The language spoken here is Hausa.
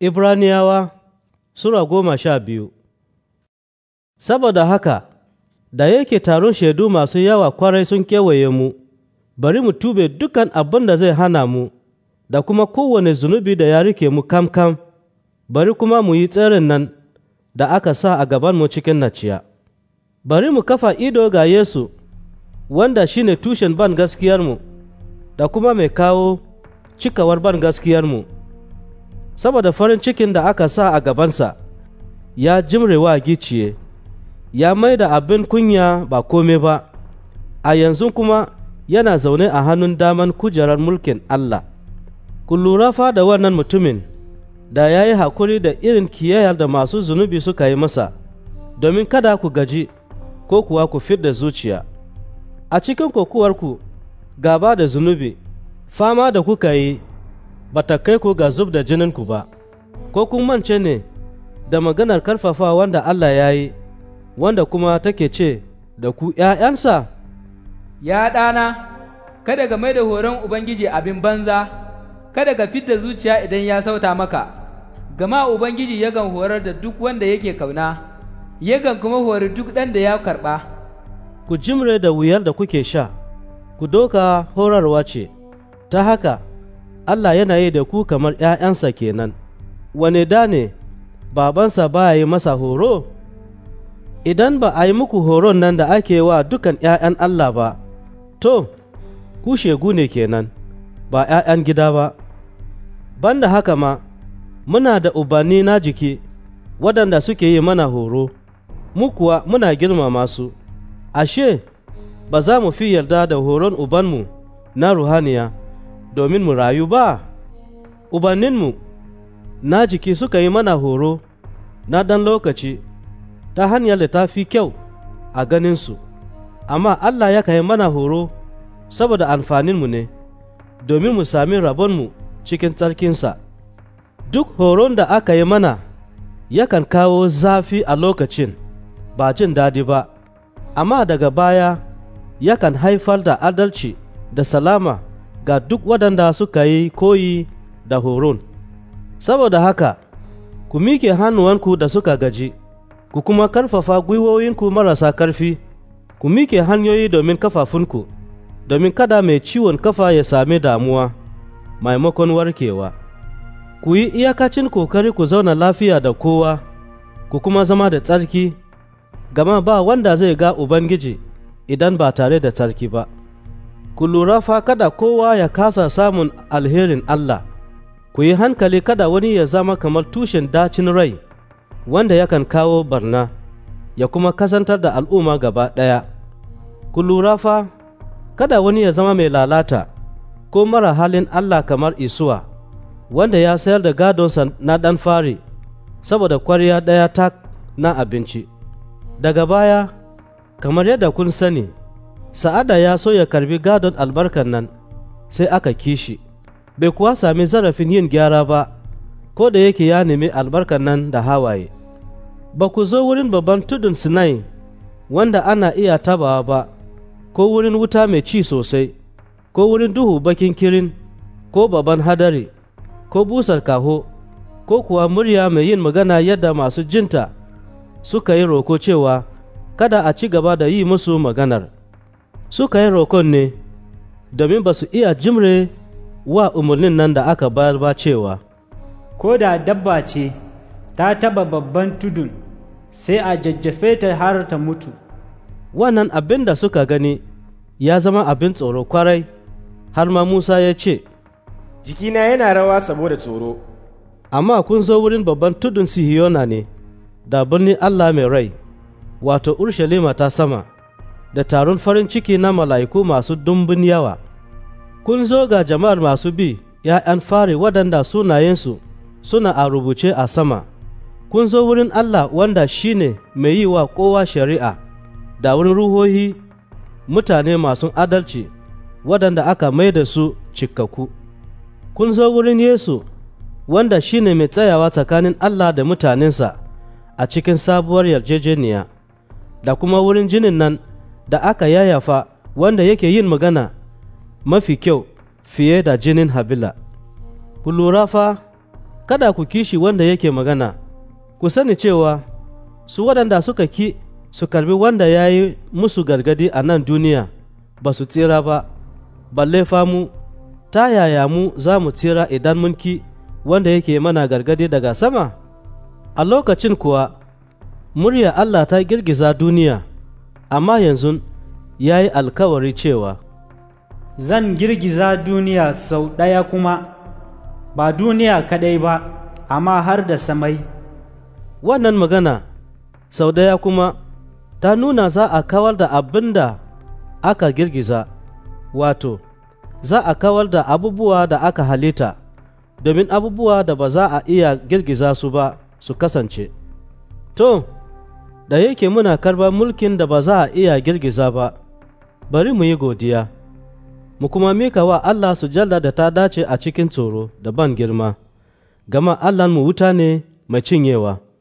Ibraniyawa Sura goma sha biyu Saboda haka, da yake taron shaidu masu yawa kwarai sun kewaye mu, bari mu tube dukan abin da zai hana mu, da kuma kowane zunubi da ya rike mu kam-kam, bari kuma mu yi tserin nan da aka sa a gaban mu cikin naciya. Bari mu kafa ido ga Yesu, wanda shi ne tushen ban gaskiyarmu, da kuma mai kawo cikawar ban gaskiyarmu. saboda farin cikin da aka sa a gabansa ya jimrewa giciye ya mai da abin kunya ba kome ba a yanzu kuma yana zaune a hannun daman kujerar mulkin Allah ku lura fa da wannan mutumin da ya yi haƙuri da irin kiyayar da masu zunubi suka yi masa domin kada ku gaji ko kuwa ku da zuciya a cikin kokuwarku gaba da zunubi fama da kuka yi ba ta kai ku ga zub da jininku ba, ko kun mance ne da maganar karfafa wanda Allah ya yi, wanda kuma take ce da ku ’ya'yansa? Ya ɗana, kada ga mai da horon Ubangiji abin banza, kada ga fidda zuciya idan ya sauta maka, gama Ubangiji yakan horar da duk wanda yake kauna, yakan kuma hori duk ɗan da ya karɓa. Ku jimre da wuyar da kuke sha, ku doka horarwa ce, ta haka. Allah yana yi da ku kamar ‘ya'yansa kenan, wane da ne babansa ba yi masa horo? Idan ba a yi muku horon nan da ake wa dukan ‘ya'yan Allah ba, to, ku shegu ne kenan, ba ‘ya'yan gida ba. Banda haka ma, muna da ubanni na jiki waɗanda suke yi mana horo, mu kuwa muna girmama su, ashe, ba za mu fi yarda da horon ubanmu na ruhaniya. domin mu rayu ba ubanninmu na jiki suka yi mana horo na dan lokaci ta hanyar da ta fi kyau a ganinsu amma allah ya yi mana horo saboda amfaninmu ne domin mu sami rabonmu cikin tsarkinsa duk horon da aka yi mana yakan kawo zafi a lokacin ba jin daɗi ba amma daga baya yakan haifar da adalci da salama ga duk waɗanda suka yi koyi da horon. Saboda haka, ku mike hannuwanku da suka gaji, ku kuma karfafa gwiwoyinku marasa karfi, ku mike hanyoyi domin kafafunku, domin kada mai ciwon kafa ya sami damuwa, maimakon warkewa. Ku yi iyakacin kokari ku zauna lafiya da kowa, ku kuma zama da tsarki, gama ba wanda zai ga Ubangiji idan ba tare da tsarki ba. ku lura fa kada kowa ya kasa samun alherin Allah, ku yi hankali kada wani ya zama kamar tushen dacin rai wanda yakan kawo barna ya kuma kasantar da al'umma gaba ɗaya. Ku lura fa kada wani ya zama mai lalata ko mara halin Allah kamar isuwa wanda ya sayar da gadonsa na ɗan fari saboda kwarya ɗaya ta na abinci. Daga baya, kamar yadda kun sani, sa'ada ya so ya karbi gadon albarkar nan sai aka kishi bai kuwa sami zarafin yin gyara ba ko da yake ya nemi albarkar nan da hawaye ba ku zo wurin babban tudun sinai wanda ana iya tabawa ba ko wurin wuta mai ci sosai ko wurin duhu bakin kirin ko babban hadari ko busar kaho ko kuwa murya mai yin magana yadda masu jinta suka yi roko cewa kada a ci gaba da yi musu maganar. suka yi roƙon ne domin ba su iya jimre wa umarnin nan da aka bayar ba cewa ko da dabba ce ta taba babban tudun sai a jajjafe ta har ta mutu wannan abin da suka gani ya zama abin tsoro kwarai har ma musa ya ce jikina yana rawa saboda tsoro amma kun zo wurin babban tudun sihiyona ne da birnin allah mai rai wato urshalima ta sama da taron farin ciki na mala'iku masu dumbin yawa. Kun zo ga jama'ar masu bi ‘ya'yan fari waɗanda sunayensu suna a rubuce a sama, kun zo wurin Allah wanda shine mai yi wa kowa shari'a da wurin ruhohi mutane masu adalci waɗanda aka mai da su cikakku. Kun zo wurin Yesu wanda shine mai tsayawa tsakanin Allah da mutanensa a cikin sabuwar yarjejeniya da kuma wurin jinin nan. da aka yayafa wanda yake yin magana mafi kyau fiye da jinin habila ku lura fa kada ku kishi wanda yake magana ku sani cewa su waɗanda suka ki su karbi wanda ya yi musu gargadi a nan duniya ba su tsira ba balle famu ta yaya mu za mu tsira idan mun ki wanda yake mana gargadi daga sama a lokacin kuwa murya allah ta girgiza duniya amma yanzu ya yi alkawari cewa zan girgiza duniya sau ɗaya kuma ba duniya kaɗai ba amma har da samai wannan magana sau ɗaya kuma ta nuna za a kawar da abin da aka girgiza wato za a kawar da abubuwa da aka halitta domin abubuwa da ba za a iya girgiza su ba su kasance to da yake muna karɓar mulkin da ba za a iya girgiza ba, bari mu yi godiya, mu kuma mika wa Allah sujalla da ta dace a cikin tsoro da ban girma, gama mu wuta ne mai cinyewa.